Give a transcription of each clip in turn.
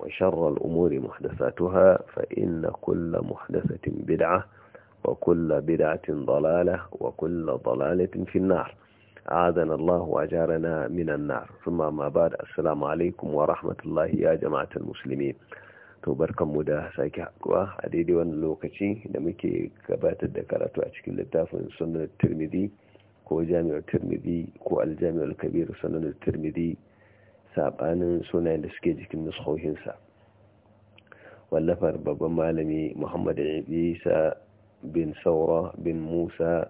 وشر الأمور محدثاتها فإن كل محدثة بدعة وكل بدعة ضلالة وكل ضلالة في النار أعاذنا الله وأجارنا من النار ثم ما بعد السلام عليكم ورحمة الله يا جماعة المسلمين to mu da sake haɗuwa a daidai wannan lokaci da muke gabatar da karatu a cikin littafin sunan turmidi ko jami'ar turmidi ko aljami'ar kabiru sunan turmidi sabanin sunayen da suke jikin nuskohinsa wallafar babban malami muhammad isa bin saura bin musa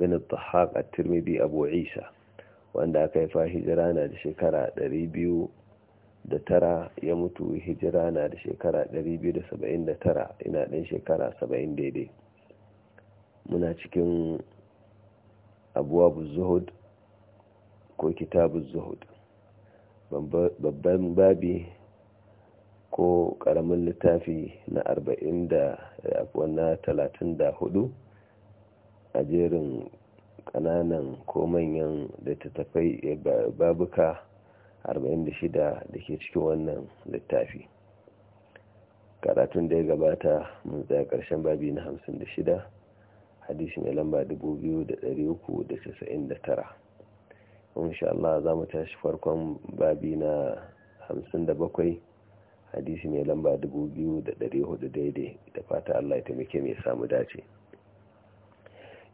bin tahaq a turmibi abu isa wanda aka yi hijira na da shekara 209 ya mutu hijira na da shekara 279 ina ɗin shekara 70 daidai muna cikin abuwa buzuhud ko kitabu zuhud babban babi ko karamin littafi na arba'in da na talatin da hudu a jerin kananan ko manyan littattafai babuka arba'in da shida da ke cikin wannan littafi karatun da ya gabata mun tsaya karshen babi na hamsin da shida hadisi mai lamba dubu biyu da dari uku casa'in tara. insha Allah za mu tashi farkon babi na 57 hadisi ne lamba 2400 daidai da fata Allah ya taimake mai samu dace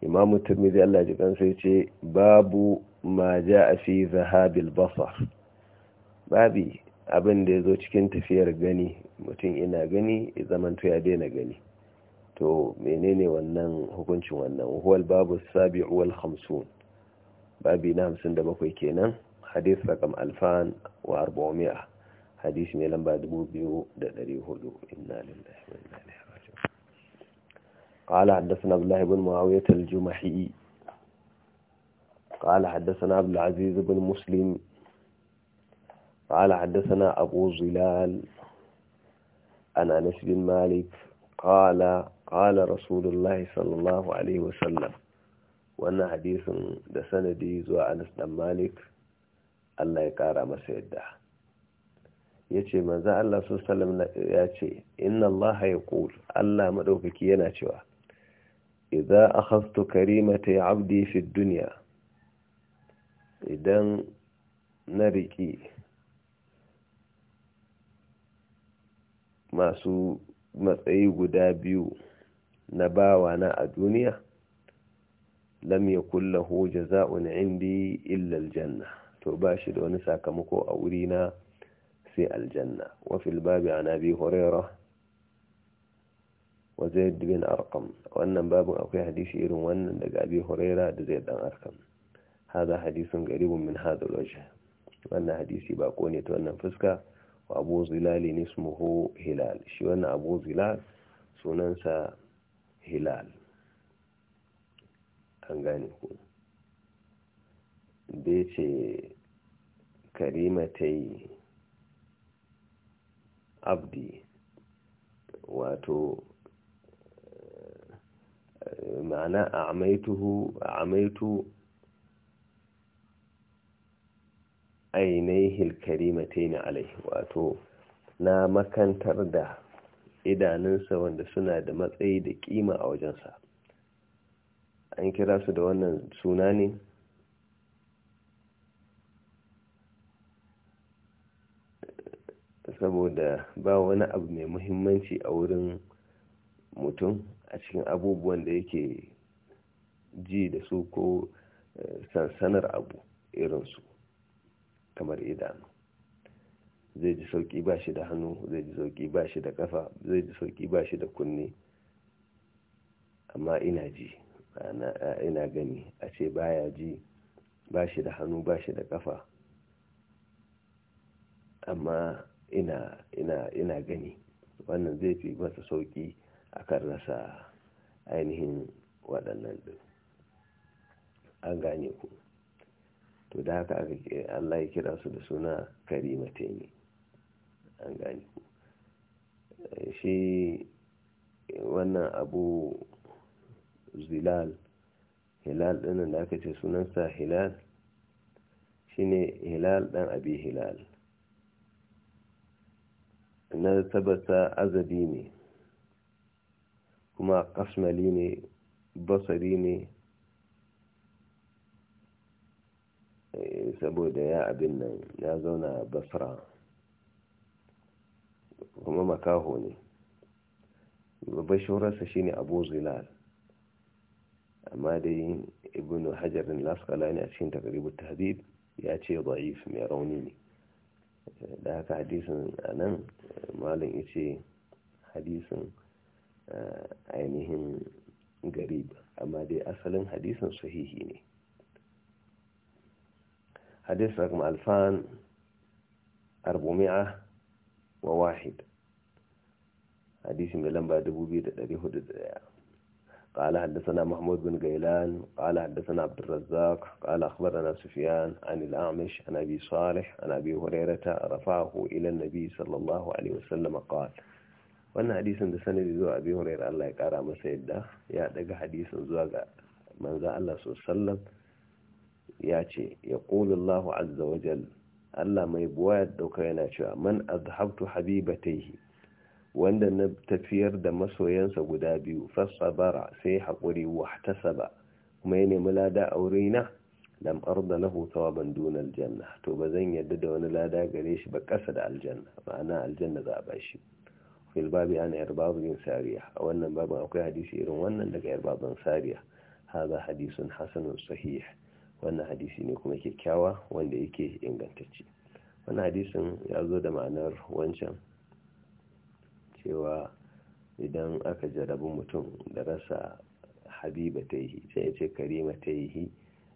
imamu turmizi Allah ji kansa ya ce babu ma a fi zahabil basar babi abin da ya zo cikin tafiyar gani mutum ina gani ya zamanto ya daina gani to menene wannan hukuncin wannan huwal babu sabi'u wal khamsun babi na hamsin da bakwai kenan hadith rakam alfan wa arba'umi'a hadith mai lamba dubu biyu da ɗari hudu inna lillahi wa inna ilaihi raji'un qala haddathana abdullahi ibn muawiyah al-jumahi qala haddathana abdul aziz ibn muslim qala haddathana abu zilal ana nasr bin malik qala qala rasulullahi sallallahu alaihi wa sallam wannan hadisin da sanadi zuwa anas dan malik allah ya kara masa yadda ya ce manzan allah su salam ya ce inna allaha ya allah maɗaukaki yana cewa idza akhadtu karimata ya abdi fi duniya idan na riƙi masu matsayi guda biyu na bawa na a duniya lam yakul lahu jaza'un indi illa janna. to ba shi da wani sakamako a wuri na sai aljanna wa fil babi an abi hurairah wa zaid bin arqam wannan babu akwai hadisi irin wannan daga abi hurairah da zaid dan arqam hada hadisin garibun min hada alwajh wannan hadisi ba ko ne ta wannan fuska wa abu zilali ne ismuhu hilal shi wannan abu zilal sunansa hilal an gane ku da ya ce karima ta yi abdi wato eh, ma'ana a amaitu ainihin yi na alai wato na makantar da idanunsa wanda suna da matsayi da kima a wajensa an kira su da wannan suna ne saboda ba wani abu mai muhimmanci a wurin mutum a cikin abubuwan da yake ji da su ko eh, sansanar abu irinsu kamar idanu zai ji sauki ba shi da hannu zai ji sauki ba shi da kafa zai ji sauki ba shi da kunne amma ina ji ina gani a ce baya ji ba shi da hannu ba shi da kafa amma ina gani wannan zai fi masa sauki akan rasa ainihin waɗannan ɗin an gane ku to da haka Allah ya kira su da suna karimate ne an gane ku eh, shi wannan abu zilal hilal ɗin da aka ce sunansa hilal shine hilal ɗan abi hilal na tabbata azabi ne kuma kasmali ne basari ne eh, saboda ya abin nan ya zauna basra kuma makaho ne babbar shi shine abu zilal amma dai ibn hajar din laskalani a cikin takaribin tahdid ya ce da'if mai rauni ne da haka hadisin a nan malin ya ce hadisin ainihin garib amma dai asalin hadisin sahihi ne hadis rakam alfan arbumi'a wa wahid hadisi mai lamba 2401 قال حدثنا محمود بن غيلان قال حدثنا عبد الرزاق قال أخبرنا سفيان عن الأعمش عن أبي صالح عن أبي هريرة رفعه إلى النبي صلى الله عليه وسلم قال wannan hadisin da sanadi zuwa abin hurairar Allah ya kara masa yadda ya daga hadisin zuwa ga manza Allah sallam ya ce ya ƙulu Allah azza wajal Allah mai buwa ya ɗauka yana cewa man azhabtu habibataihi wanda na tafiyar da masoyansa guda biyu bara sai haƙuri wahtasaba kuma ya nemi lada a wuri na lam arda lahu thawaban dun aljanna to ba zan yadda da wani lada gare shi ba ƙasa da aljanna ma'ana aljanna za a ba bashi fil babi ana yarbabu bin sariya a wannan babin akwai hadisi irin wannan daga yarbabun sariya haza hadisun hasanun sahih wannan hadisi ne kuma kyakkyawa wanda yake ingantacce wannan hadisin ya zo da ma'anar wancan cewa idan aka jarabi mutum da rasa habiba ta yi sai ya ce karima ta yi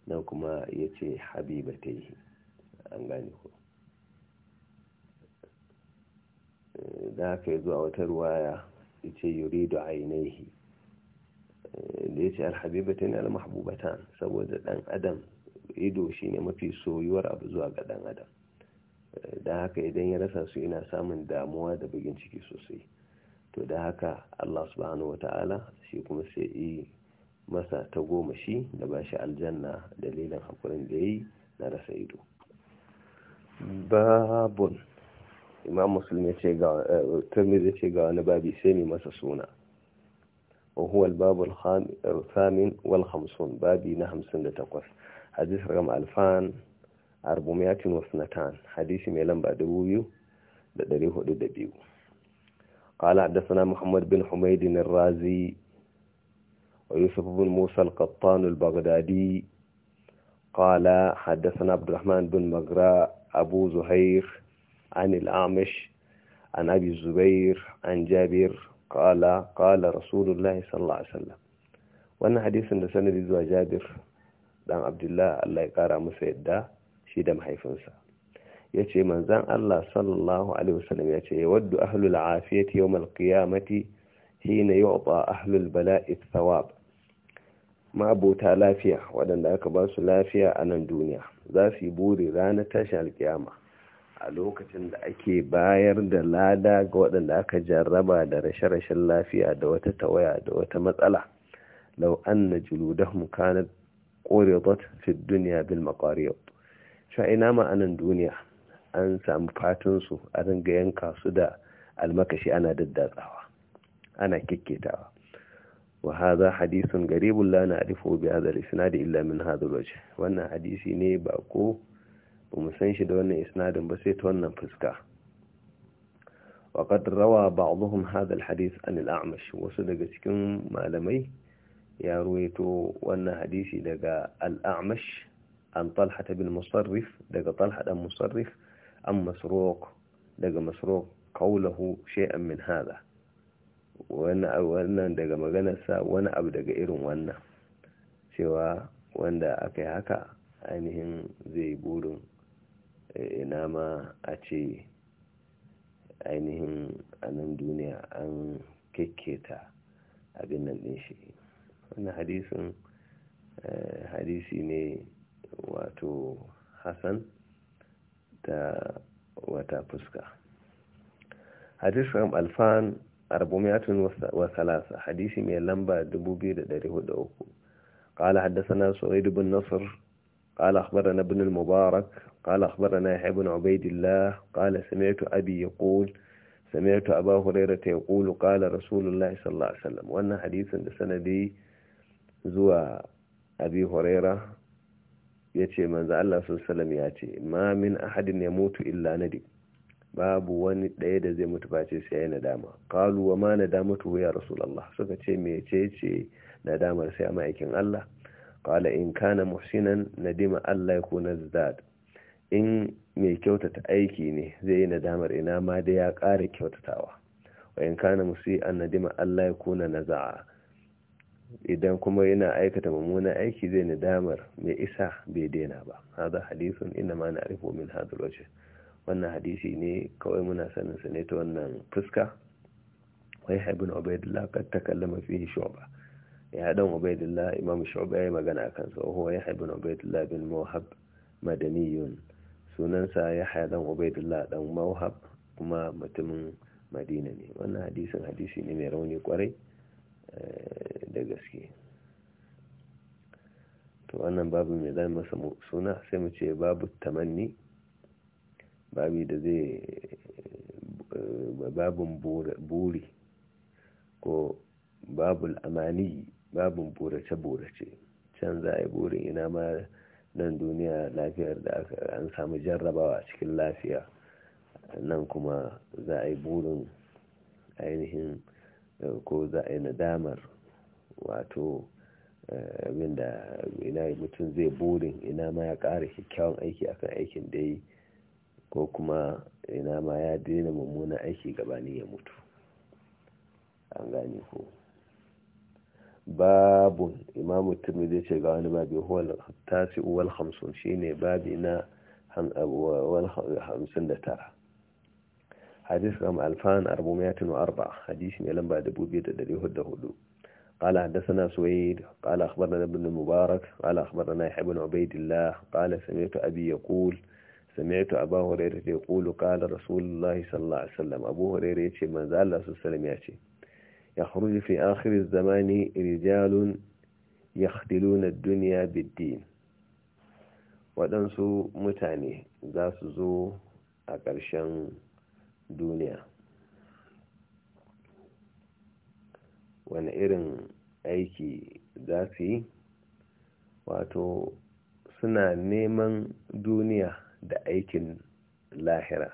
nan kuma ya ce habiba ta yi an gane ku eh, da haka ya zuwa wata ruwaya ya ce da ainihi eh, da ya ce alhabibatan almahbubatan saboda dan adam ido shine mafi soyuwar abu zuwa ga dan adam eh, da haka idan ya rasa su yana samun damuwa da bugin ciki sosai to da haka Allah subhanahu wata'ala shi kuma sai yi masa ta goma shi da ba shi aljanna dalilin hakurin da yi na rasa ido. babun imam musulmi eh, zai ce ga wani babi sai ne masa suna huwa babun rufamin wal hamsun babi na hamsin da takwas hadis ram alfan arbumiyatin wasu na hadisi mai lamba dubu biyu da dari hudu da biyu قال حدثنا محمد بن حميد الرازي ويوسف بن موسى القطان البغدادي قال حدثنا عبد الرحمن بن مغراء أبو زهير عن الأعمش عن أبي الزبير عن جابر قال قال رسول الله صلى الله عليه وسلم wannan hadisin da sanadi zuwa jabir dan abdullah allah ya kara masa yadda shi da mahaifinsa ya ce manzan Allah sallallahu Alaihi wasallam ya ce waddu ahlul afiyati yau malkiyamati hina yau ba ahlul bala'i thawab ma'abota lafiya waɗanda aka ba su lafiya a nan duniya za su yi buri ranar tashin alkiyama a lokacin da ake bayar da lada ga waɗanda aka jarraba da rashe-rashen lafiya da wata tawaya da wata matsala lau an na juludahum kanat quridat fi duniya bil maqariyat sha ina ma'anan duniya an samu su a ringa yanka su da almakashi ana daddatsawa ana kikketawa wa hadha hadithun garibun la na'rifu bi hadha al-isnad illa min hadha al wannan hadisi ne ba ko bamu san shi da wannan isnadin ba sai ta wannan fuska wa qad rawa ba'dhum hadha al-hadith an al-a'mash wasu daga cikin malamai ya ruwaito wannan hadisi daga al-a'mash an talha bin musarrif daga talha dan musarrif an masruq daga masruq qawluhu shay'an min hadha wannan daga sa wani abu daga irin wannan cewa wanda aka yi haka ainihin zai burin ina ma a ce ainihin anan duniya an kekketa abin nan ɗin shi wannan hadisin hadisi ne wato hassan wata fuska hadis ram alfan 433 hadisi mai lamba 2403 qala haddathana suhayd ibn nasr qala akhbarana ibn al mubarak qala akhbarana ibn ubaydillah qala sami'tu abi yaqul sami'tu aba hurayra yaqul qala rasulullah sallallahu wannan hadisin da sanadi zuwa abi hurayra ya ce manzo Allah sallallahu ya ce ma min ahadin ya mutu illa nadi babu wani ɗaya da zai mutu face sai ya nadama qalu wa ma nadamatu ya rasulullah suka ce me ce nadamar sai ma'aikin Allah qala in kana muhsinan nadima Allah yakuna zad in mai kyautata aiki ne zai yi nadamar ina ma da ya ƙara kyautatawa wa in kana an nadima Allah yakuna naza'a idan kuma yana aikata mummunan aiki zai damar mai isa bai daina ba hada hadisun inda ma na arifo min hadar waje wannan hadisi ne kawai muna sanin sa ne ta wannan fuska wai haibin obaidullah kan ta fi shoba ya dan obaidullah imam shoba ya yi magana a kansa Wa ya haibin obaidullah bin mohab madaniyun sunansa ya dan obaidullah dan mohab kuma mutumin madina ne wannan hadisin hadisi ne mai rauni kwarai Eh, da gaske to wannan babu mai zai masa suna sai mu ce babu tamanni babu da zai eh, babun buri ko babu amani babun burace-burace can za a yi burin ina ma nan duniya lafiyar da an samu jarrabawa cikin lafiya nan kuma za a yi burin ainihin ko za a yi nadamar wato eh, abinda ina mutum zai burin ina ma ya ƙara kyakkyawan aiki akan aikin da yi ko kuma ina ma ya daina mummunan aiki gabanin ya mutu an gane ko Babu imamu turmi ce ga wani babi tasi uwal hamsin shine babi na hamsin da tara حديث رقم 2404 حديث نيلم بعد بوبيت الذي هده هدو قال حدثنا سويد قال أخبرنا ابن المبارك قال أخبرنا يحيى بن عبيد الله قال سمعت أبي يقول سمعت أبا هريرة يقول قال رسول الله صلى الله عليه وسلم أبو هريرة يتشي من ذا الله سلم يتشي يخرج في آخر الزمان رجال يختلون الدنيا بالدين waɗansu mutane za su zo a ƙarshen duniya wani irin aiki za su yi wato suna neman duniya da aikin lahira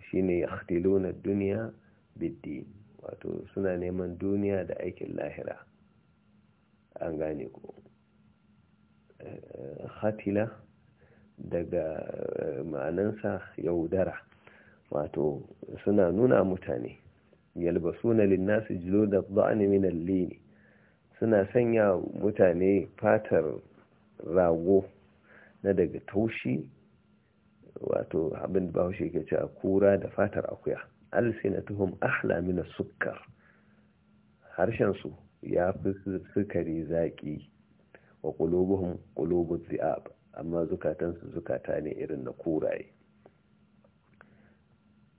Shi shine yakhtiluna duniya biddi wato suna neman duniya da aikin lahira an gane ku. Eh, eh, Hatila, daga eh, ma'anansa yaudara wato suna nuna mutane yalbasuna linnasi jilo da min al suna sanya mutane fatar rago na daga taushi wato abin da bahaushe ke cewa kura da fatar akuya tuhum ahla min as-sukkar harshen su ya fi sukari zaki wa qulubuhum qulubuz zi'ab amma zukatansu zukata ne irin na kuraye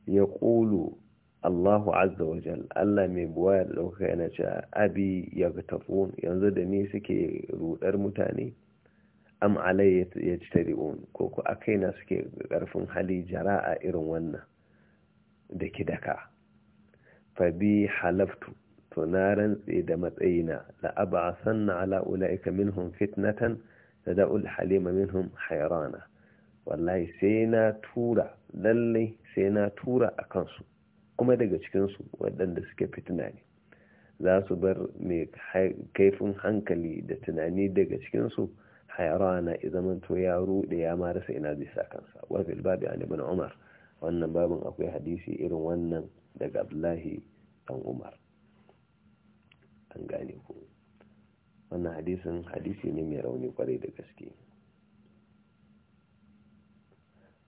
ya ƙulu Allahu azza wa jal Allah mai buwaya da ɗaukaka yana cewa abi ya tafon yanzu da ni suke rudar mutane am alai ya ci tari'un ko ku a kaina suke ƙarfin hali jara'a irin wannan da kidaka fa bi halaftu to na rantse da matsayina la'aba sanna ala ula'ika minhum fitnatan da da'ul halima minhum hayrana wallahi sai na tura lallai sai na tura a kansu kuma daga cikinsu waɗanda suke fitina ne za su bar mai kaifin hankali da tunani daga cikinsu hayarana izaman to ya rude ya ma rasa ina zai sa kansa wafil babi a nibin umar wannan babin akwai hadisi irin wannan daga abdullahi dan umar an gane ku wannan hadisin hadisi ne mai rauni kwarai da gaske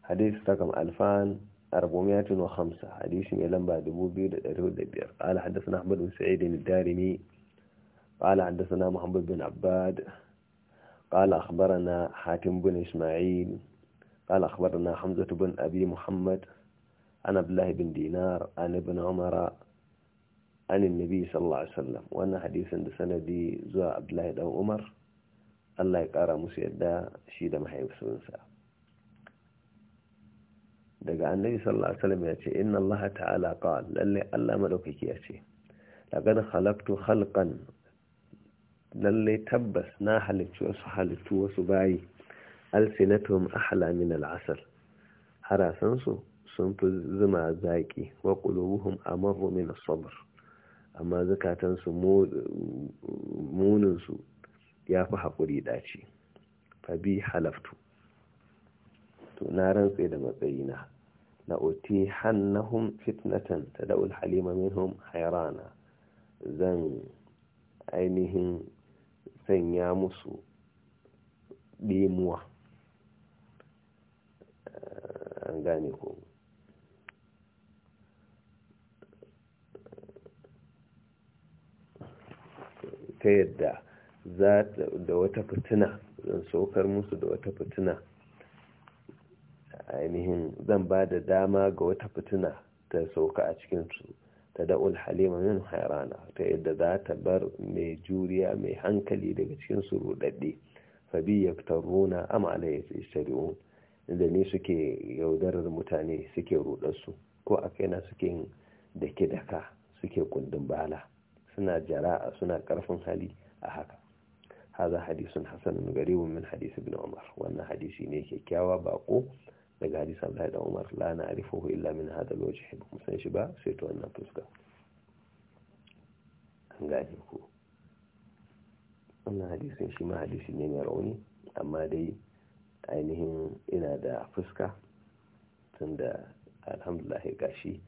hadis takam alfan 405 حديث من لمبا دبوبي الدبير قال حدثنا أحمد بن سعيد الدارمي قال حدثنا محمد بن عباد قال أخبرنا حاتم بن إسماعيل قال أخبرنا حمزة بن أبي محمد عن عبد الله بن دينار عن ابن عمر عن النبي صلى الله عليه وسلم وأنا حديث عند سندي زوى عبد الله بن عمر الله يقرأ مسيدا شيدا محيب سنسا daga annabi sallallahu alaihi wasallam ya ce inna allaha ta'ala qala lalle Allah madaukaki ya ce laqad khalaqtu khalqan lalle tabbas na halittu wasu halittu wasu bayi alsinatuhum ahla min al'asal harasan su sun fi zuma zaki wa qulubuhum amaru min as-sabr amma zakatan su ya su yafi hakuri dace fa bi halaftu to na rantse da matsayina hannahun fitnatan ta ulhalima halima minhum hairana zan ainihin sanya musu ɗimuwa an gane ku ta yadda da wata fitina zan saukar musu da wata fitina ainihin zan ba da dama ga wata fitina ta sauka a cikinsu ta da'ul halima min hairana ta yadda za ta bar mai juriya mai hankali daga cikin rudadde fabi ya fitar runa ama alayya inda ne suke yaudarar mutane suke rudarsu ko a kaina suke dake daka suke kundin bala suna jara'a suna karfin hali a haka haza hadisun hasanun garibun min hadisi bin umar wannan hadisi ne kyakkyawa bako daga hadisan Allah da Umar la na arifuhu illa min hadal wajh ba mu san shi ba sai ta wannan fuska an gane ku wannan hadisin shi ma hadisi ne mai rauni amma dai ainihin ina da fuska tunda alhamdulillah gashi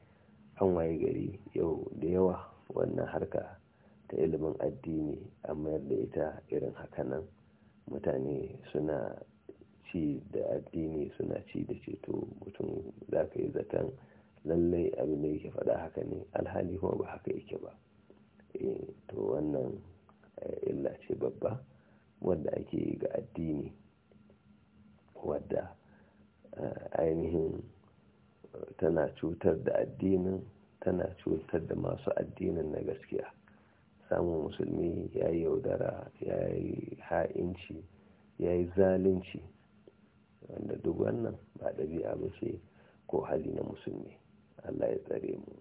an waye gari yau da yawa wannan harka ta ilimin addini amma yadda ita irin haka nan mutane suna ci da addini suna ci da ceto mutum za ka yi zaton lallai abin da yake faɗa haka ne alhali kuma ba haka yake ba eh, to wannan eh, illa ce babba wadda ake ga addini wadda eh, ainihin tana cutar da addinin tana cutar da masu addinin na gaskiya samun musulmi ya yaudara ya yi ha'inci ya yi zalunci wanda duk wannan ba ɗabi'a ba ce ko hali na musulmi allah ya tsare mu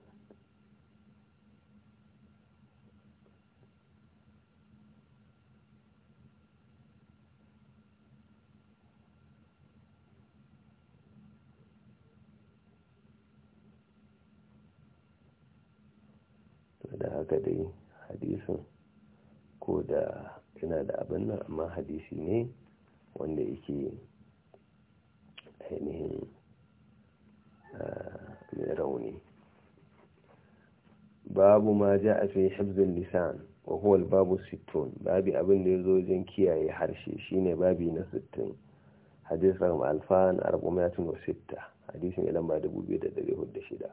da haka dai hadisin ko da yana da abin nan amma hadisi ne wanda yake ainihin eh, mai rauni babu ma ja a fi lisan wa huwa babu sitton babi abin da ya zo wajen kiyaye harshe shine babi na sittin hadis alfan arba'atun wa sitta hadisin ilan ba dubu biyu da dari hudu shida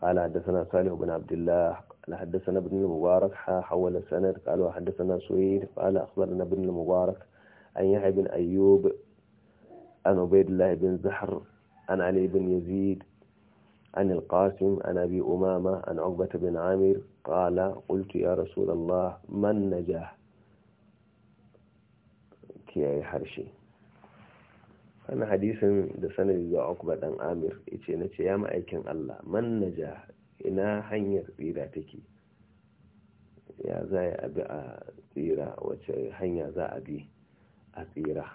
قال حدثنا صالح بن عبد الله قال حدثنا ابن المبارك حول السند قال وحدثنا سويد قال أخبرنا ابن المبارك أن يحيى بن أيوب عن عبيد الله بن زحر عن علي بن يزيد عن القاسم عن أبي أمامة عن عقبة بن عامر قال قلت يا رسول الله ما النجاح kiyaye harshe. أنا حديث da sanadi zuwa Ukba dan Amir na ce ya ma'aikin Allah man ja ina hanyar tsira take ya za a bi a tsira wace hanya za a bi a tsira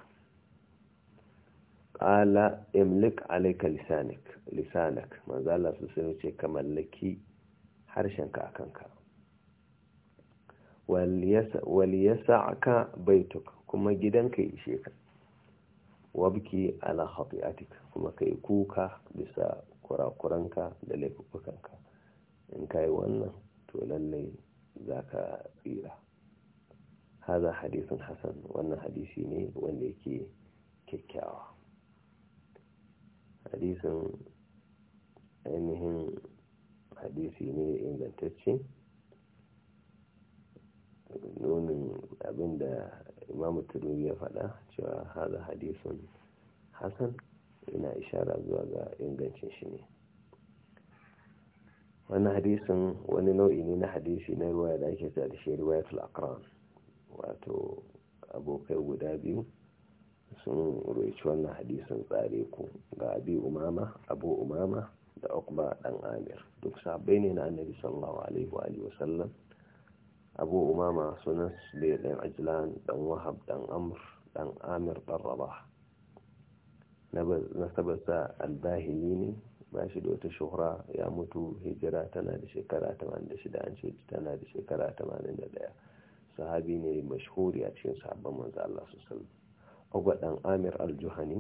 ƙala imlik alaika lisanik lisanak manzala su sun ce ka mallaki harshenka a kanka waliyasa aka baituk kuma gidanka ya ishe ka wabki ala khati'atik kuma ka yi kuka bisa kurakuranka da laifukanka in ka yi wannan to lallai za ka tsira haza hadisin Hassan wannan hadisi ne wanda yake kyakkyawa hadisin ainihin hadisi ne ingantacce nunin abinda imamu tudu ya faɗa cewa haza hadisin hassan ina ishara zuwa ga ingancin shi ne wani hadisin wani nau'i ne na hadisi na ruwa da ake da ruwa ya wato abokai guda biyu sun roci wannan hadisin tsare ku ga abi umama abu umama da ukba dan amir duk sabai ne na annabi sallallahu alaihi wa alihi sallam abu umama sunan sulayl dan ajlan dan wahab dan amr dan amir dan rabah nasabarsa albahili ne ba shi da wata shuhura ya mutu hijira tana da shekara 86 an ce tana da shekara 81 sahabi ne mashhuri a cikin sahabban manzo Allah sallallahu alaihi sallam ogwa ɗan amir aljuhani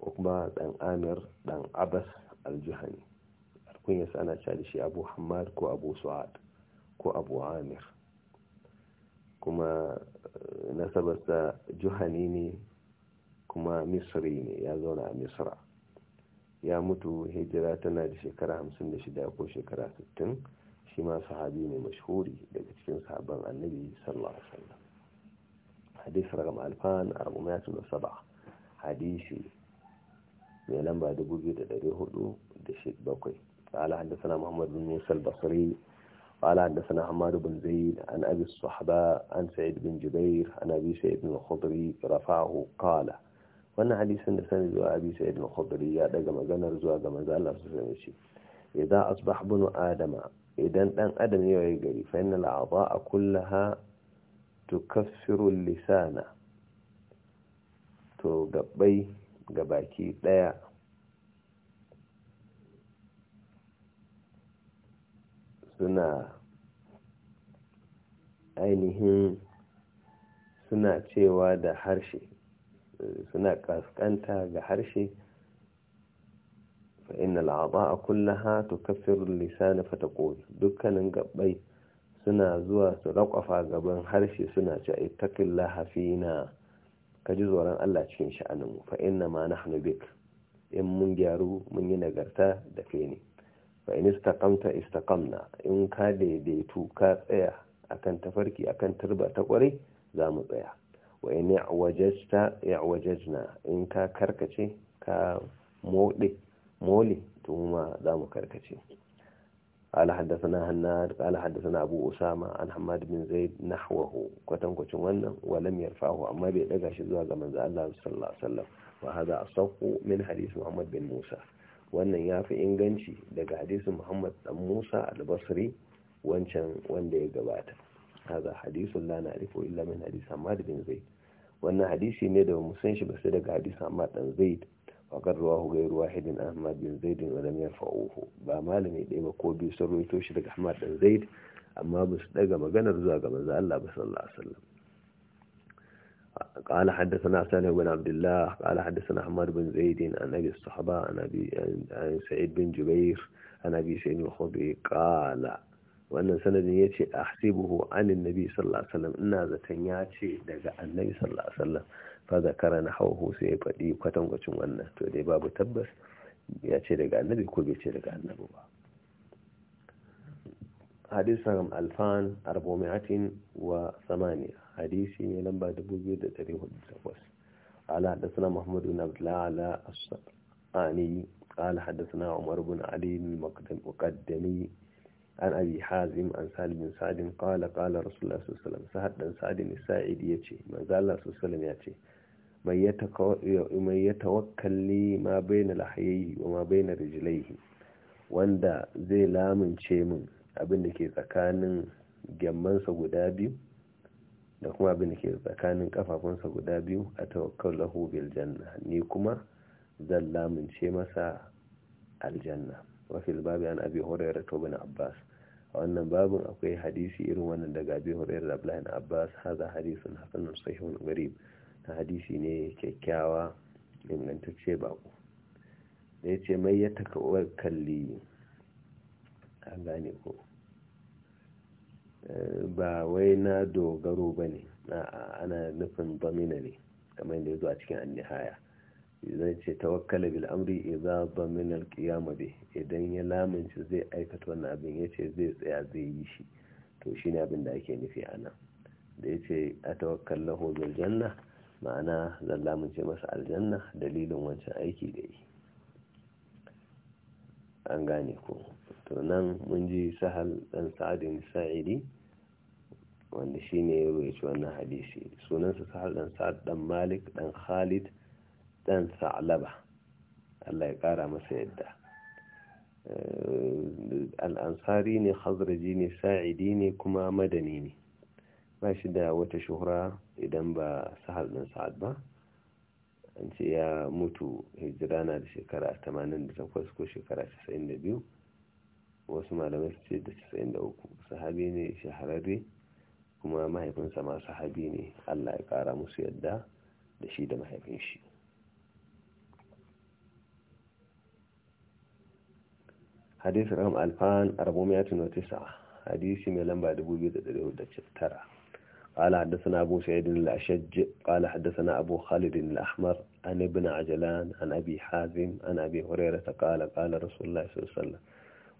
ko kuma ɗan amir ɗan abbas aljuhani yasa ana cewa shi abu hamad ko abu su'ad ko abu amir kuma eh, nasabarsa juhani ne kuma misri ne ya zauna a misra ya mutu hijira tana da shekara 56 ko shekara 60 shi ma sahabi ne mashhuri daga cikin sahabban annabi sallallahu alaihi hadisi ragam alfan arba'atu da saba hadisi mai lamba dubu biyu da ɗari hudu da shi bakwai قال حدثنا محمد بن موسى البصري قال حدثنا حماد بن زيد عن أبي الصحباء عن سعيد بن جبير عن أبي سعيد الخضري رفعه قال wannan hadisin da sani zuwa abi sa'id al ya daga maganar zuwa ga manzo Allah sallallahu alaihi wasallam idza asbah bunu adama idan ɗan adam ya yi gari fa inna al-a'dha'a kullaha tukaffiru lisana to gabbai ga baki daya suna ainihin suna cewa da harshe suna kaskanta ga harshe fa'in al'aba a kullaha to kafirin lisani fata dukkanin gabbai suna zuwa su rakwafa gaban harshe suna a itakin lahafi na kaji tsoron Allah cikin sha'anin fa inna ma nahnu bik in mun gyaru mun yi nagarta da kai ne fa in istaqamta istaqamna in ka daidaitu ka tsaya akan tafarki akan turba ta kwarai za mu tsaya wa in i'wajajta i'wajajna in ka karkace ka mole mole to ma za mu karkace a alhadasa na buhu usama alhamma da bin zayyad na aho kwatankwacin wannan wa lammiyar faho amma bai daga shi zuwa zaman da allah ala sallallahu alaihi wa sallam wahala min hadisu muhammad bin musa wannan ya fi inganci daga hadisu muhammad dan musa albasri wancan wanda ya gabata wahala a hadisu lallana illa min hadisu amma bin zayyad wannan hadisi ne da musayyanshi ba sai daga hadisu amma dan zayyad. وقد رواه غير واحد bin بن زيد ولم يرفعوه با malami ɗaya ba ko biyu sun rawaito shi daga Ahmad bin Zaid amma ba su daga maganar zuwa ga manzo Allah ba sallallahu alaihi wasallam قال حدثنا سالم بن عبد الله قال حدثنا حماد بن زيد عن ابي الصحابه عن ابي سعيد بن جبير عن ابي سعيد الخدري قال wannan sanadin ya ce عن النبي صلى sallallahu alaihi وسلم ina zaton ya ce daga annabi sallallahu alaihi وسلم fazakara na hauhu sai ya faɗi kwatankwacin wannan to dai babu tabbas ya ce daga annabi ko bai ce daga annabi ba hadisan alfan arbomiyatin wa samani hadisi ne lamba 2,408 ala hadasuna muhammad bin abdullahi ala asani ala hadasuna umar bin ali muqaddami an abi hazim an sali bin sadin kala kala rasulullah sallallahu alaihi wasallam sahadan sadin sa'id ya ce manzo allah sallallahu ya ce mai ya tawakkalli ma na lahayayi wa ma na rijlaihi wanda zai lamunce min abin da ke tsakanin gyammansa guda biyu da kuma abin da ke tsakanin kafafunsa guda biyu a tawakkal lahu bil janna ni kuma zan lamince masa aljanna wa fil babi an abi hurairah to bin abbas a wannan babin akwai hadisi irin wannan daga abi hurairah da abdullahi abbas hadha hadisun hasanun sahihun gharib hadisi ne kyakkyawa ingantacce bako da ya ce mai ya takawar kalli Ka gane ko eh, ba wai na dogaro ba ne ana nufin domina ne kamar yadda ya zo a cikin annihaya zai ce tawakkala bil amri idza domina alqiyama be idan ya lamunci zai aikata wannan abin ya ce zai tsaya zai yi shi to shine abin da ake nufi a nan da ya ce a tawakkallahu bil janna ma'ana zalla mun ce masa aljanna dalilin wancan aiki da yi an gane ko to nan mun ji sahal dan sa'adin sa'idi wanda shi ne ya ci wannan hadisi sunansa sahal dan sa'ad dan malik dan khalid dan sa'alaba Allah ya kara masa yadda eh, al'ansari ne khazraji ne sa'idi ne kuma madani ne ba shi da wata shuhura idan ba sahal ɗin sa'ad ba an ce ya mutu hijira na da shekara 88 ko shekara 92 wasu malamai su ce da 93 sahabi ne shahararre kuma mahaifinsa ma sahabi ne allah ya kara musu yadda da shi da mahaifin shi hadisi ram alfan 409 hadisi mai lamba 2009 قال حدثنا أبو سعيد الأشج قال حدثنا أبو خالد الأحمر عن ابن عجلان عن أبي حازم عن أبي هريرة قال قال رسول الله صلى الله عليه وسلم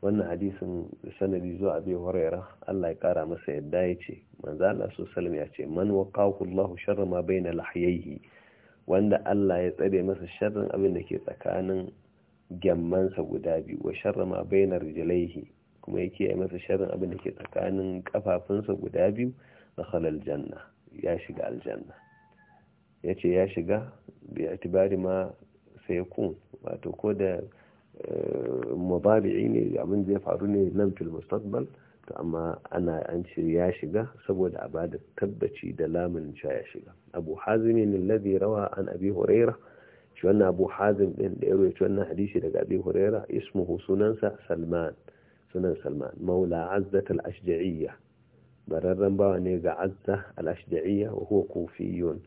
wannan hadisin sanadi zuwa bai horaira Allah ya kara masa yadda ya ce manzala su salim ya ce man waqahu Allahu sharra ma baina lahyayhi wanda Allah ya tsare masa sharrin abin da ke tsakanin gyammansa guda biyu wa sharra ma baina rijalaihi kuma yake yi masa sharrin abin da ke tsakanin kafafunsa guda biyu dakhala aljanna ya shiga aljanna yace ya shiga bi itibari ma sayakun wato ko da eh, mudabi'i ne abin zai faru ne nan fil mustaqbal to amma ana an ce ya shiga saboda a bada tabbaci da lamun cewa ya shiga abu hazimi ne alladhi rawa an abi hurairah shi wannan abu hazim din da ya rawaito wannan hadisi daga abi hurairah ismuhu sunansa salman sunan salman maula azzat al bararren bawa ne ga azza al-ashda'iya wa huwa yiwon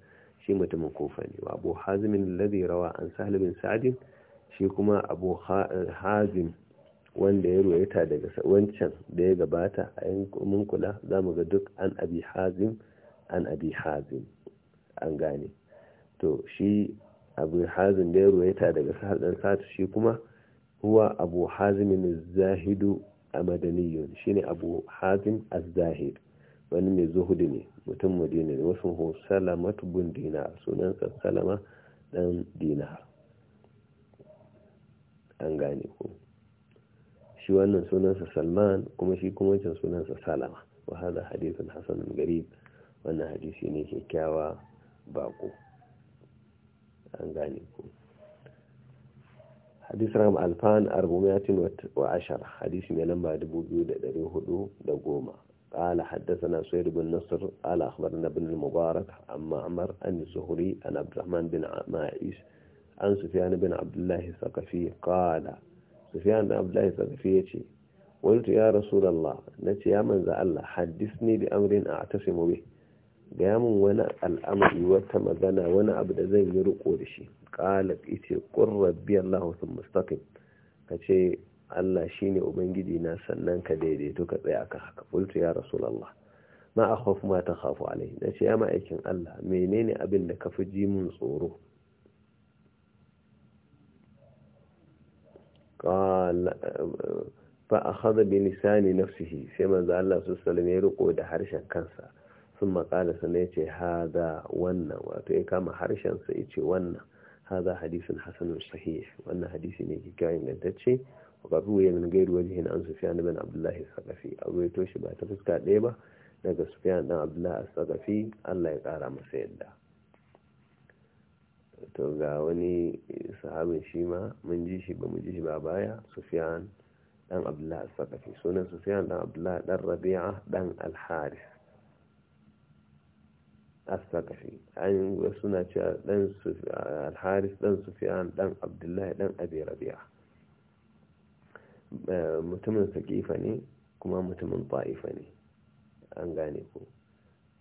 shi mutumin kufa ne wa abu hazimin alladhi rawa an sahl bin sa'd shi kuma abu hazim wanda ya ruwaita daga wancan da ya gabata a yankumin kula za mu ga duk an abi hazim an abi hazim an gane to shi abu hazim da ya ruwaita daga sa'd dan sa'd shi kuma huwa abu hazimin zahidu a madaniyun shine abu hazim az-zahid wani mai zuhudi ne mutum madina ne wasu ho salama bin dinar sunansa salama dan dinar an gane ko shi wannan sunansa salman kuma shi kuma wancan sunansa salama wa hada hadithun hasanun garib wannan hadisi ne kyakkyawa bako an gane ku hadis ram alfan arbumiyatin wa ashar hadisi mai lamba dubu da goma قال حدثنا سويد بن نصر قال أخبرنا بن المبارك عن معمر أن الزهري أن عبد الرحمن بن ماعيش عن سفيان بن عبد الله الثقفي قال سفيان بن عبد الله الثقفي قلت يا رسول الله نتي يا من ذا الله حدثني بأمر أعتصم به قام ونا الأمر وتمذنا ونا أبدا زين يرقو لشي قالت إتي قل ربي الله ثم استقم كتي Allah shi ne ubangiji na sannan ka daidaito ka tsaya akan haka qultu ya rasulullah ma mata hafu takhafu alai ce ya ma'aikin Allah menene abin da fi ji mun tsoro a fa akhadha bi na fushi sai manzo Allah su alaihi ya riko da harshen kansa sun maƙala sana ya ce haza wannan wato ya kama harshensa ya ce wannan haza hadisin hasanun sahih wannan hadisi ne kika gantacce. وقد روي من غير وجه عن سفيان بن عبد الله الثقفي أو يتوشي بها تفسكا ديبا daga sufiyan dan abdullahi asagafi allah ya kara masa yadda to ga wani sahabin shi ma mun ji shi ba mu ji shi ba baya sufiyan dan abdullahi asagafi sunan sufiyan dan abdullahi dan rabi'a dan alharis asagafi an suna cewa dan alharis dan sufiyan dan abdullahi dan abi Eh, mutumin saƙifa ne kuma mutumin ta'ifa ne an gane ku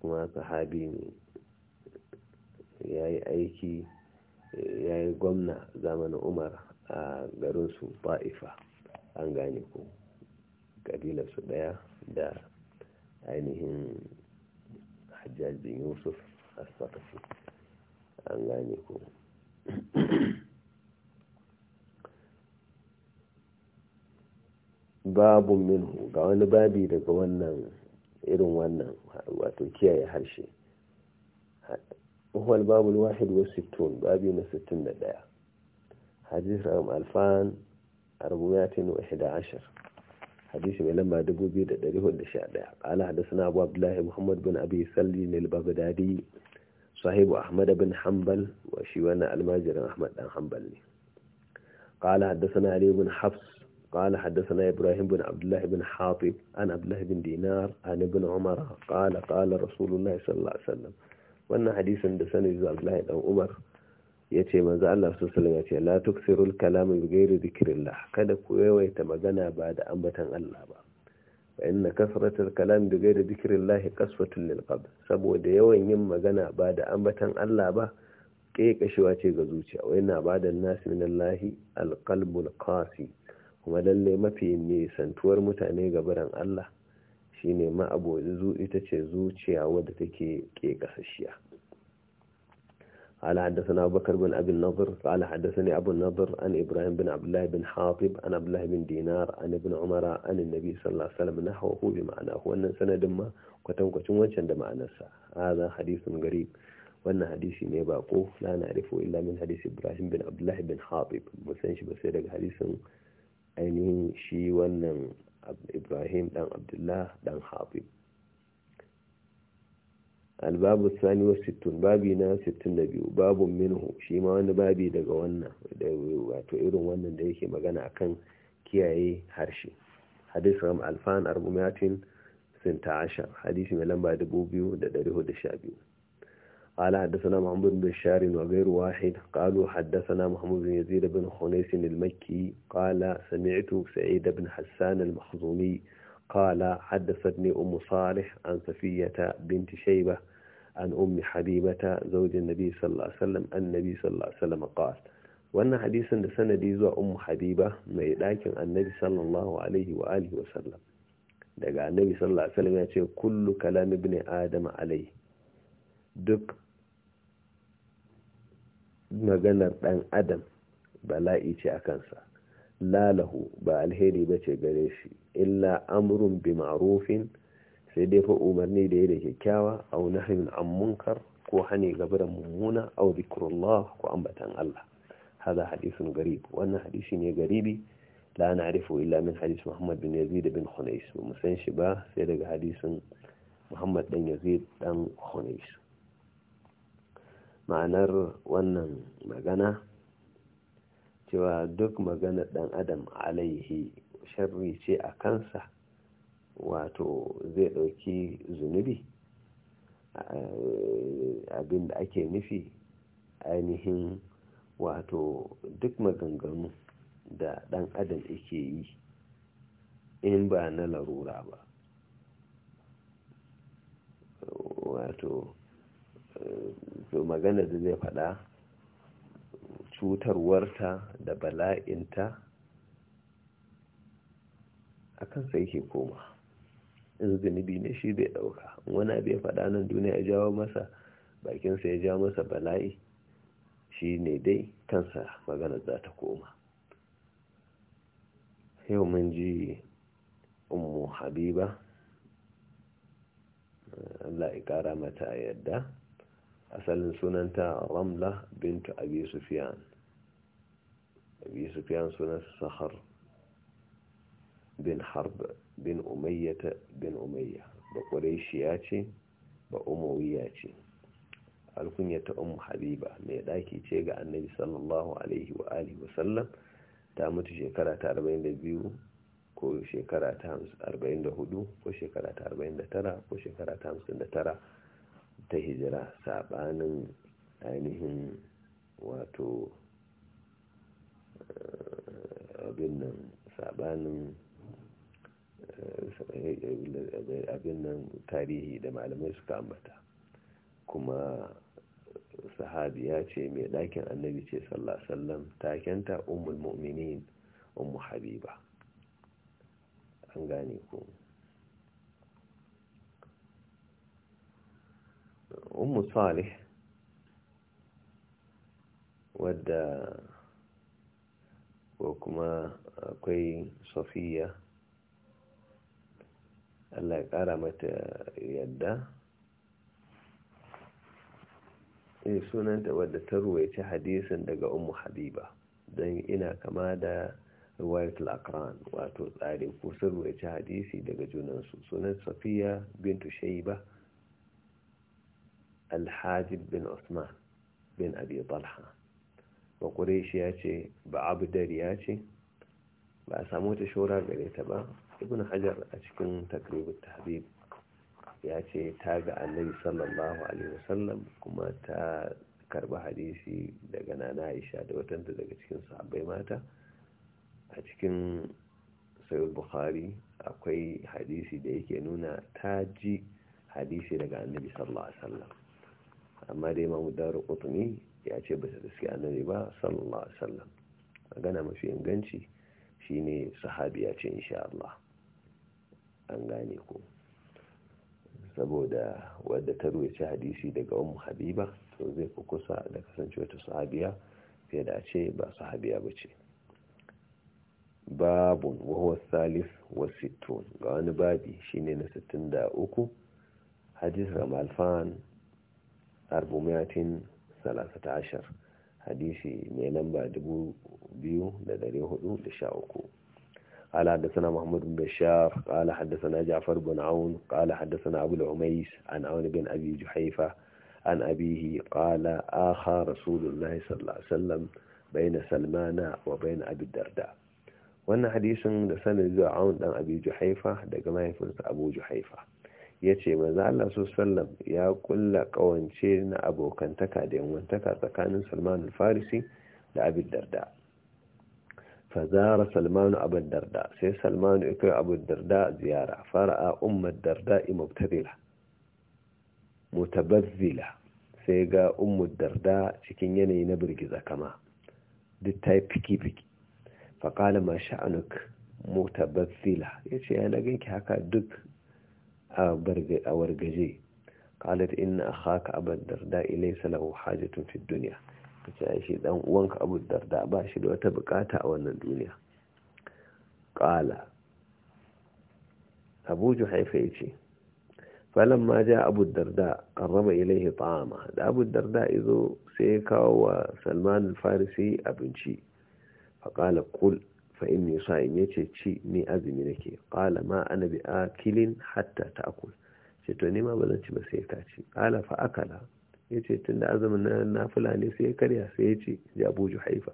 kuma sahabi ne ya yi aiki ya yi gwamna zamanin umar a garinsu ta'ifa an gane ko ƙabilarsu ɗaya da ainihin hajjajin yusuf a an gane ko babu minhu ga wani babi daga wannan irin wannan wato kiyaye harshe uhwal babu wahid wa sittun babi na sittun da ɗaya hadis ram alfan arbuyatin wa ihda ashar hadisi mai lamba dubu biyu da ɗari hudu sha ɗaya ƙala hadisna abu abdullahi muhammad bin abi salli ne bagdadi sahibu ahmad bin hanbal wa shi wannan almajirin ahmad dan hanbal ne ƙala na ali bin hafs قال حدثنا إبراهيم بن عبد الله بن حاطب عن عبد الله بن دينار عن ابن عمر قال قال رسول الله صلى الله عليه وسلم وأن حديثا دسنا عبد الله بن yace manzo Allah sallallahu alaihi wasallam yace la tuksirul kalama bi ghairi dhikrillah kada ku yawaita magana ba da ambatan Allah ba fa inna kasratul da bi ghairi dhikrillah qaswatun lil qalb saboda yawan yin magana ba da ambatan Allah ba kai kashewa ce ga zuciya wa inna bada nasi minallahi alqalbul kuma lalle mafi nisantuwar mutane ga biran Allah shine ma'aboci zu ita ce zuciya wadda take ke kasashiya قال حدثنا أبو بكر بن أبي النضر قال حدثني أبو النضر عن إبراهيم بن عبد الله بن حاطب عن عبد الله بن دينار عن ابن عمر عن النبي صلى الله عليه وسلم نحوه بمعناه وأن سند وشند هذا حديث غريب wannan hadisi ne bako ko na rifo illa min hadisi ibrahim bin abdullahi bin habib musan shi ba sai daga hadisin ainihin shi wannan ibrahim dan abdullah dan habib albabu sani wa sittun babi na sittun da biyu babun minhu shi ma wani babi daga wannan wato irin wannan da yake magana akan kiyaye harshe hadis ram alfan arbumiyatin sinta ashar hadisi mai lamba dubu biyu da dari hudu sha biyu قال حدثنا محمود بن بشار وغير واحد قالوا حدثنا محمود بن يزيد بن خنيس المكي قال سمعت سعيد بن حسان المخزومي قال حدثتني أم صالح عن صفية بنت شيبة عن أم حبيبة زوج النبي صلى الله عليه وسلم النبي صلى الله عليه وسلم قال وأن حديثا سندي sanadi أم حبيبة لكن النبي صلى الله عليه وآله وسلم alihi النبي صلى الله عليه وسلم alaihi wa sallam ya ce kullu duk maganar ɗan adam bala'i ce a kansa lalahu ba alheri ba ce gare shi illa amrun bi ma'rufin sai dai fa umarni da ya da kyakkyawa a wani an munkar ko hane gabaran mummuna au zikrullah ko ambatan Allah hada hadisun garibu wannan hadisi ne garibi la na'rifu illa min hadis Muhammad bin Yazid bin Hunais mu san shi ba sai daga hadisin Muhammad ɗan Yazid ɗan Hunais ma'anar wannan magana cewa duk maganar dan adam alaihi sharri ce a kansa wato zai ɗauki zunubi eh, abin da ake nufi ainihin wato duk maganganu da ɗan adam yake yi in ba na larura ba wato magana da zai faɗa cutarwarta da bala'inta a kan sai ke koma in zunubi ne shi bai ɗauka wani abu ya faɗa nan duniya ya jawo masa bakinsa ya jawo masa bala'i shi ne dai kansa magana za ta koma yau mun ji umu habiba Allah ya kara mata yadda asalin sunanta ramla bintu abi sufiyan abi sufiyan sunansa sahar bin harb bin umayyata bin umayya ba ƙwaraishiya ce ba umawiya ce alkunyata umu habiba mai ɗaki ce ga annabi sallallahu alaihi wa alihi wasallam ta mutu shekara ta 42 ko shekara ta 44 ko shekara ta 49 ko shekara ta 59 ta hijira saɓanin ainihin wato eh, abin nan saɓanin eh, tarihi da malamai suka ambata kuma sahabiya ce mai ɗakin annabi ce sallasallam takenta umul mu'minin umu habiba an gane ku ummu salih wadda ko kuma akwai safiya allah ya kara mata yadda e sunanta wadda ta ruwaice hadisin daga ummu habiba don ina kama da al akran wato tsari ko sun ruwaice hadisi daga junansu sunan safiya bintu shaiba alhajib bin usman bin abi talha ba ƙureshi ya ce ba abdar ya ce ba a samo wata shora gare ta ba ibn hajar a cikin takribin Habib ya ce ta ga annabi sallallahu alaihi wasallam kuma ta karba hadisi daga nana aisha da watanta daga cikin sahabbai mata a cikin sayul bukhari akwai hadisi da yake nuna ta ji hadisi daga annabi sallallahu alaihi wasallam amma dai imamu daru qutni ya ce ba su gaske annabi ba sallallahu alaihi wasallam magana mafi inganci shine sahabiya ce insha Allah an gane ku. saboda wadda ta ruwaci hadisi daga wani habiba to zai fi kusa da kasance wata sahabiya fiye da a ce ba sahabiya ba ce babun wahuwa salif wasittun ga wani babi shine na sittin da uku hadis ramalfan Arabu-mayatin, Salasatu-ashir, Hadithi mai lamba dubu biyu da dare hudu da sha uku. Ala haddasa na Muhammadu Maishar, kala haddasa na Jafar Barna'un, kala haddasa na Abul'ummaish, ana bin abin haifa an abihi. Kala a hara sulullai Haisar La'asallam, baina Salmana, wa baina Abib Darda. Wannan hadithi da sanin zuwa auna dan abin haifa daga mahaifinsa Abuja haifa. ya ce manzan Allah sallam ya kulla kawance na abokantaka da yanwantaka tsakanin salman farisi da abin darda fazara salmanu abin darda sai salmanu ya abin darda ziyara fara'a umar darda imabtabila mutabazzila sai ga umar darda cikin yanayi na birgiza kama duk ta yi fiki-fiki ma sha'anuk mutabazzila ya ce ya na ganki haka duk a wargaje qalat inna akhaka abu darda ilaysa lahu hajatun fid dunya kace shi dan uwanka abu darda ba shi da wata bukata a wannan duniya qala abu juhaifa yace ma ja abu darda ilai ya ta'ama da abu darda izo sai ya kawo wa salman farisi abinci qala kul fa inni sa'im yace ci ne azumi nake qala ma ana bi akilin hatta ta'kul ce to ni ma bazan ci ba sai ta. ci qala fa akala yace da azumin na fulani ne sai ya karya sai ya ci ya Abu Juhaifa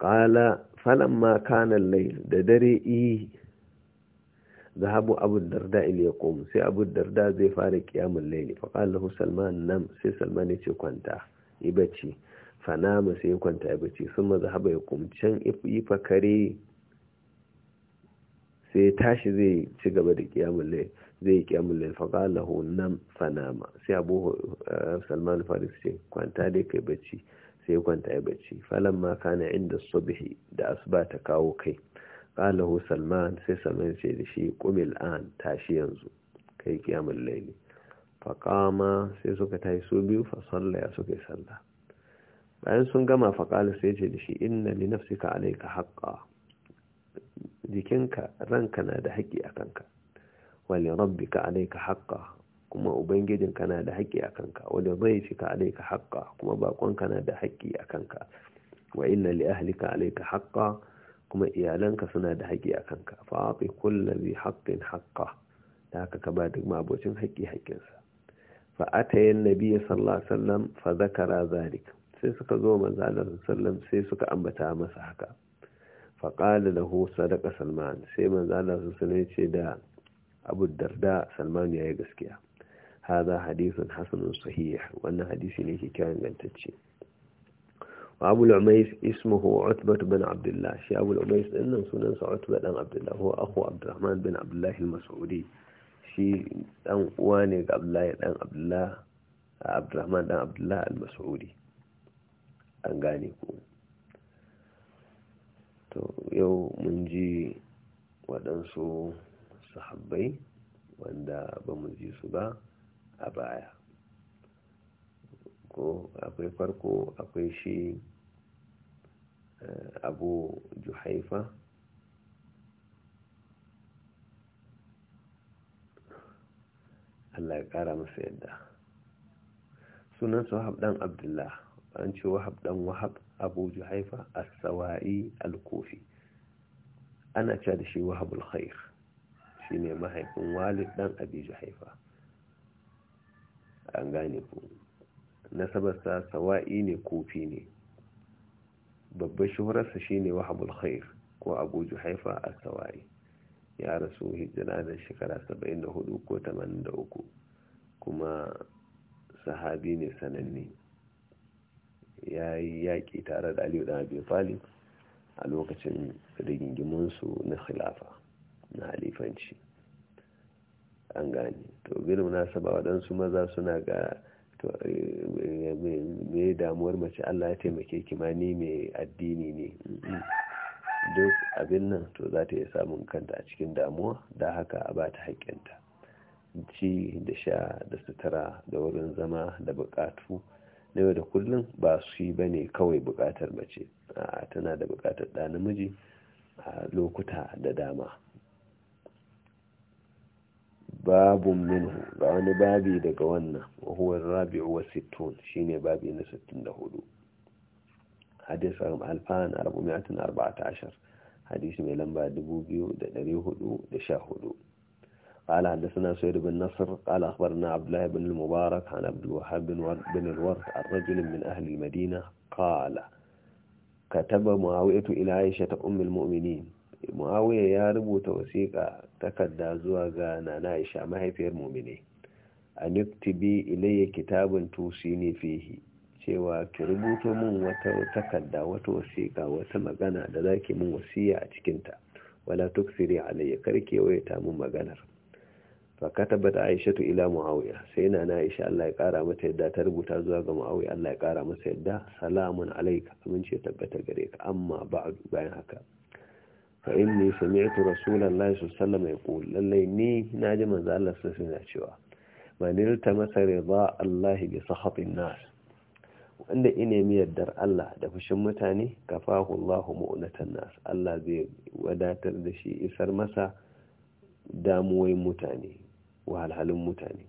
qala falamma kana al da dare i zahabu abu darda il sai abu darda zai fara kiyamun laili faƙar lahu salman nan sai salman ya ce kwanta I bacci fanama sai ya kwanta ya bace sun maza haba ya kumcan ifa kare sai ya tashi zai ci gaba da kiyamun lai zai yi kiyamun lai faƙa lahu nan fanama sai abu eh, salman faris ce kwanta dai kai bacci sai ya kwanta ya bacci falan ma kana inda subhi da asuba ta kawo kai ƙalahu salman sai salman ce da shi kumil an tashi yanzu kai kiyamun laili faƙama sai suka tashi su biyu fasalla ya suka yi sallah bayan sun gama faƙala sai ce da shi inna li nafsika alayka haqqan jikinka ranka na da haƙi a kanka wa li rabbika alayka haqqan kuma ubangijinka na da haƙi a kanka wa li dhayfika alayka haqqan kuma baƙonka na da haƙi a kanka wa inna li ahlika alayka haqqan kuma iyalanka suna da haƙi a kanka fa'ati kulli dhi haqqin haqqan da haka ka ba duk mabocin haƙi haƙinsa fa atayan nabiyyi sallallahu alaihi wasallam fa zakara zalika sai suka zo manzo Allah sallam sai suka ambata masa haka fa qala lahu sadaqa salman sai manzo Allah sallam ya ce da Abu Darda Salman ya yi gaskiya hada hadithun hasanun sahih wannan hadisi ne ke kyawun gantacce وابو العميس اسمه عتبة بن bin الله shi abu العميس ان سنن sunan بن عبد dan هو اخو عبد الرحمن bin عبد الله المسعودي شي uwa ne ga Abdullahi dan Abdullah Abdurrahman dan Abdullah al-Mas'udi an gane ku to yau mun ji waɗansu sahabbai wanda ba mu ji su ba a baya ko akwai farko akwai shi eh, abu juhaifa Allah ya ƙara masa yadda sunan sahab ɗan abdullah an ce wahab dan wahab abu juhaifa as-sawa'i al-kufi ana cewa da shi wahabul khair shine mahaifin walid dan abi juhaifa an gane ku sa, sawa'i ne kufi ne babbar shuhurarsa shine wahabul khair ko abu juhaifa as-sawa'i ya rasu hijira da shekara 74 ko 83 kuma sahabi ne sananne ya yi yaƙi tare da aliyu ɗan abin fali a lokacin rigingiminsu na khilafa na halifanci an gane to na munasaba waɗansu maza suna ga eh, me damuwar mace Allah ya taimake kimani mai addini ne duk abin nan to za ta iya samun kanta a cikin damuwa da haka a ba ta haƙƙinta ci da sha da sutura da wurin zama da buƙatu na yau da kullum ba su ba ne kawai bukatar mace tana da bukatar ɗa namiji a lokuta da dama babun minhu ga wani babi daga wannan wahuwar rabi wa sittun ne babi na da hudu hadis alfan 414 hadisi mai lamba dubu biyu da da ɗari hudu sha hudu. قال حدثنا سيد بن نصر قال أخبرنا عبد الله بن المبارك عن عبد الوهاب بن, بن الورد عن رجل من أهل المدينة قال كتب معاوية إلى عائشة أم المؤمنين معاوية يا ربو توسيقا تكدى زواغا نانايشة ما هي في المؤمنين أن يكتبي إلي كتابا توصيني فيه cewa ki rubuto min wata takarda wata wasiƙa wata magana da zaki min wasiya a cikinta wala tuksiri alayya karke waye ta min maganar fakatabat aishatu ila muawiya sai na na aisha Allah ya kara mata yadda ta rubuta zuwa ga muawiya Allah ya kara masa yadda salamun alayka amince tabbata gare ka amma ba'du bayan haka fa inni sami'tu rasulullahi sallallahu alaihi wasallam yaqul lallai ni cewa manilta masa rida Allah bi sahatin nas wanda ine mi yaddar Allah da fushin mutane kafahu Allahu mu'natan nas Allah zai wadatar da shi isar masa damuwoyin mutane wa mutane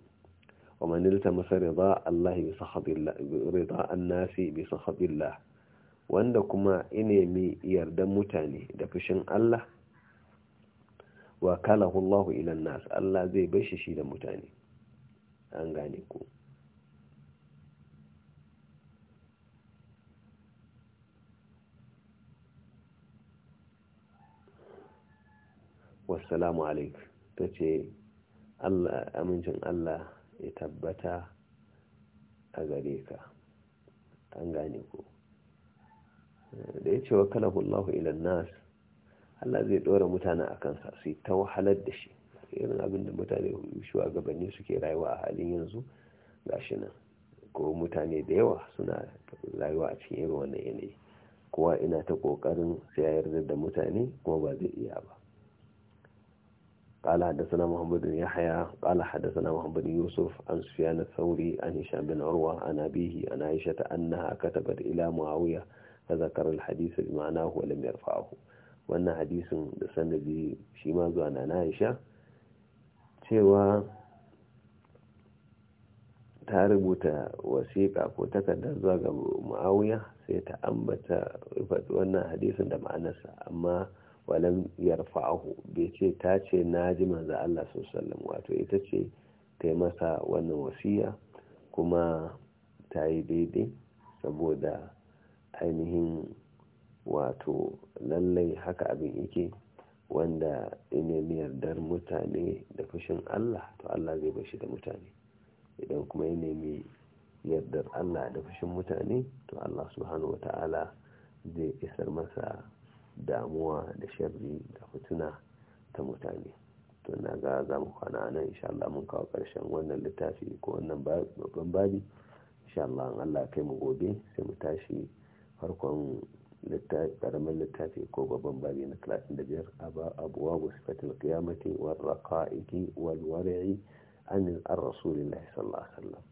wa manilta masa rida Allah bi sahabillah rida annasi bi sahabillah wanda kuma inemi yardan mutane da fushin Allah wa kalahu Allah ila nas Allah zai bashi shi da mutane an gane ku wassalamu alaikum tace amincin Allah ya tabbata a gare ka an gane ku. da ya ce wa kalahullahu ilan nas Allah zai ɗora mutane a kansa su yi ta wahalar da shi irin abin da mutane gabanni suke rayuwa a halin yanzu gashi nan ko mutane da yawa suna rayuwa a cikin irin wannan yanayi kowa ina ta ƙoƙarin sayar da mutane kuma ba zai iya ba قال حدثنا محمد بن يحيى قال حدثنا محمد بن يوسف عن سفيان الثوري عن هشام بن عروة عن أبيه عن عائشة أنها كتبت إلى معاوية فذكر الحديث بمعناه ولم يرفعه وأن حديث سندي شيما عن عائشة cewa ta rubuta wasiƙa ko takardar zuwa ga mu'awiya sai ta ambata wannan hadisin da walam yarfa'ahu bai ce ta ce na ji manzo Allah sallallahu wato ita ce ta masa wannan wasiya kuma ta yi daidai saboda ainihin wato lallai haka abin yake wanda in ya yardar mutane da fushin Allah to Allah zai bashi da mutane idan kuma ya nemi yardar Allah da fushin mutane to Allah subhanahu wata'ala zai isar masa damuwa da sharri da fituna ta mutane to na ga za mu kwana nan insha Allah mun kawo ƙarshen wannan littafi ko wannan babban babi insha Allah Allah kai mu gobe sai mu tashi farkon karamin littafi ko babban babi na 35 abuwa bu sifatul qiyamati wal raqa'iki wal wari'i an ar-rasulillah sallallahu alaihi wasallam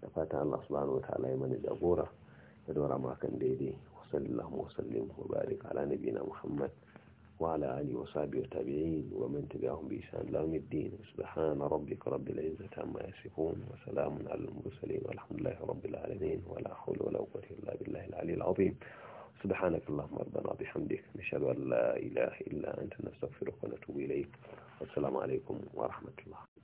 da fatan Allah subhanahu wa ta'ala ya mana jagora da dora makan daidai وصل اللهم وسلم وبارك على نبينا محمد وعلى آله وصحبه والتابعين ومن تبعهم بإحسان إلى يوم الدين سبحان ربك رب العزة عما يصفون وسلام على المرسلين والحمد لله رب العالمين ولا حول ولا قوة إلا بالله العلي العظيم سبحانك اللهم ربنا بحمدك نشهد أن لا إله إلا أنت نستغفرك ونتوب إليك والسلام عليكم ورحمة الله